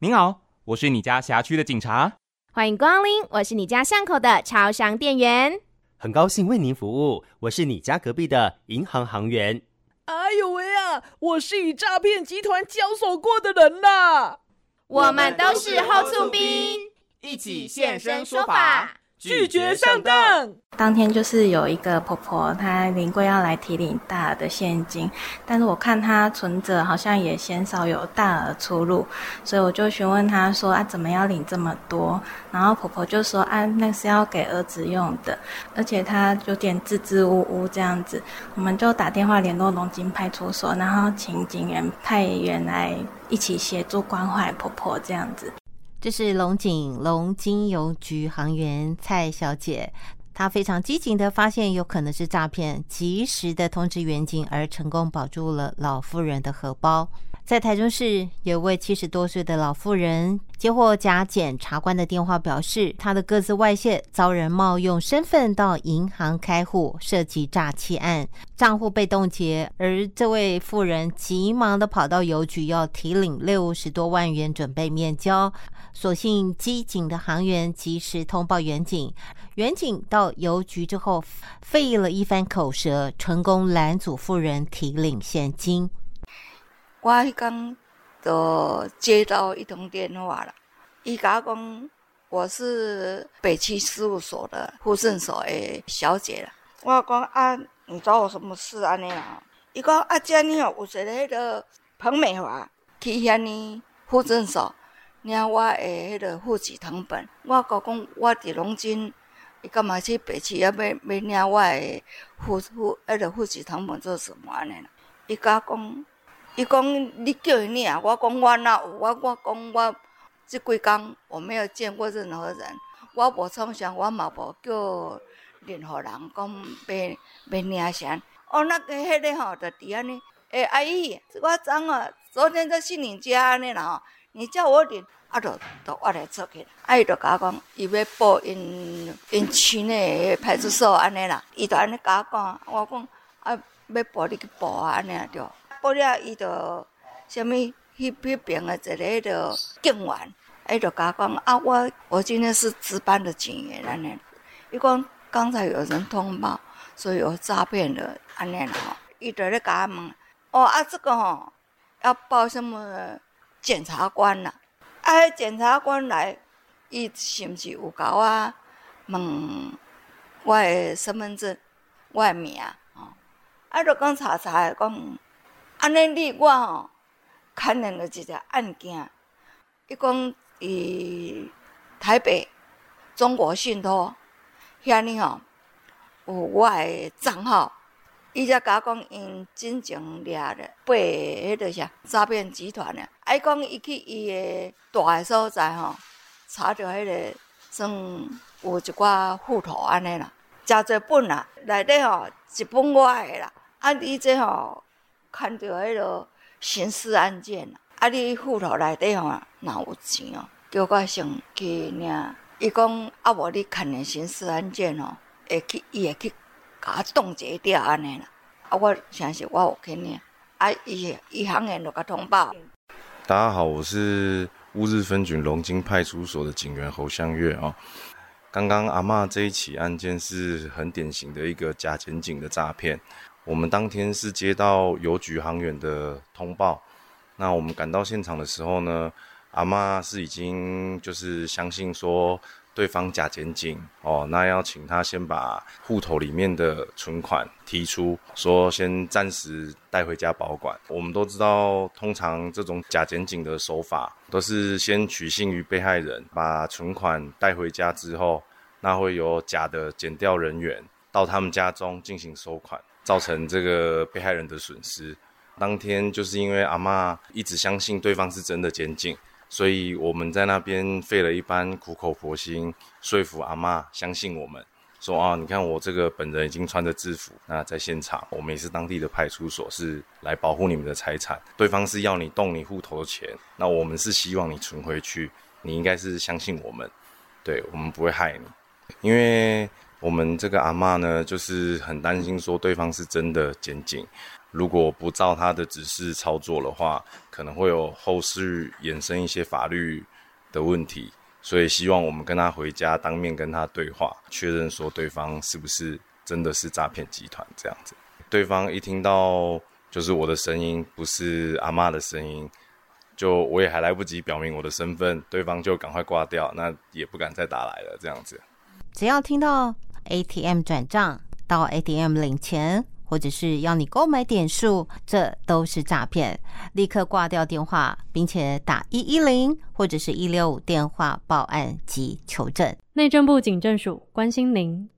您好，我是你家轄區的警察。歡迎光臨，我是你家巷口的超商店員。很高興為您服務，我是你家隔壁的銀行行員。哎呦喂啊，我是與詐騙集團交手過的人啦、啊。我們都是好厝邊，一起現身說法。拒絕上當。當天就是有一個婆婆，她臨櫃要來提領大額的現金，但是我看她存摺好像也鮮少有大額出入，所以我就詢問她說：“啊，怎麼要領這麼多？”然後婆婆就說：“啊，那是要給兒子用的。”而且她有點支支吾吾這樣子，我們就打電話聯絡龍津派出所，然後請警員派員來一起協助關懷婆婆這樣子。這是龍井龍津郵局行員蔡小姐，她非常機警的發現有可能是詐騙，及時的通知員警，而成功保住了老婦人的荷包。在台中市有位七十多歲的老婦人。接獲假檢察官的電話，表示他的個資外洩遭人冒用身份到銀行開戶，涉及詐欺案，賬戶被凍結。而這位婦人急忙的跑到郵局要提領六十多萬元，準備面交。所幸機警的行員及時通報員警，員警到郵局之後，費了一番口舌，成功攔阻婦人提領現金。剛。就接到一通電話了，伊甲我講，我是北區事務所的戶政所的小姐了，我講啊，你找我什麼事安、啊、尼啊？伊講啊，姐，你哦，有一個迄個彭美華去遐呢戶政所，領我的迄個戶籍謄本，我講講我佇龍津，伊幹嘛去北區要買買領我的戶戶迄個戶籍謄本做什麼安尼啊呢？伊甲我講。.伊講你叫伊領啊！我講我那有，我說，我講我即幾工我沒有見過任何人，我無創啥，我嘛無叫任何人講別別領錢。哦，那個迄個吼着佇安尼，誒、欸，阿姨，我昨昏昨天才去你家安尼啦，你叫我領，啊，着都我來出去了。阿着甲我講，伊要報因因區內派出所安尼啦，伊就安尼甲我講。我講啊，要報你去報啊安尼啊着。過了，伊就什物迄那邊個一個就警員，哎，就甲講啊，我我今天是值班的警員，安尼。伊講剛才有人通報，所以說有詐騙的安尼。哦，伊就咧甲問，哦啊，即、這個吼、哦、要報什麼檢察官啊，啊，檢察官來，伊是毋是有甲我問我的身份證，我的名、哦、啊？哎，就講查查講。安尼，你我吼，牽連着一個案件，伊講伊台北中國信託遐呢吼，有我個賬號，伊才共我講因進前掠了八迄個啥詐騙集團啦。伊講伊去伊個大個所在吼，查到迄個算有一寡戶頭安尼啦，誠儕本啦，內底吼一本我的、啊這個啦，按伊這吼。看到迄落刑事案件啊，啊你！你戶頭內底吼，哪有錢哦？叫我先去領。伊講啊，無你牽連刑事案件吼，會去伊會去甲凍結掉安尼啦。啊我，我誠實，我有去領，啊，伊伊行個落個通報。大家好，我是烏日分局龍津派出所的警員侯相月啊。剛、哦、剛阿嬤，這一起案件是很典型的一個假檢警的詐騙。我們當天是接到郵局行員的通報，那我們趕到現場的時候呢，阿嬤是已經就是相信說對方假檢警哦，那要請他先把戶頭裡面的存款提出，說先暫時帶回家保管。我們都知道，通常這種假檢警的手法都是先取信於被害人，把存款帶回家之後，那會有假的檢調人員。到他們家中進行收款，造成這個被害人的損失。當天就是因為阿嬤一直相信對方是真的檢警，所以我們在那邊費了一番苦口婆心說服阿嬤相信我們，說啊，你看我這個本人已經穿着制服，那在現場我們也是當地的派出所，是來保護你們的財產。對方是要你動你戶頭的錢，那我們是希望你存回去，你應該是相信我們，對，我們不會害你，因為。我們這個阿嬤呢，就是很擔心，說對方是真的檢警，如果不照他的指示操作的話，可能會有後續衍生一些法律的問題。所以希望我們跟他回家，當面跟他對話，確認說對方是不是真的是詐騙集團這樣子。對方一聽到就是我的聲音，不是阿嬤的聲音，就我也還來不及表明我的身份，對方就趕快掛掉，那也不敢再打來了這樣子。只要聽到。ATM 轉賬到 ATM 領錢，或者是要你購買點數，這都是詐騙。立刻掛掉電話，並且打一一零或者是一六五電話報案及求證。內政部警政署關心您。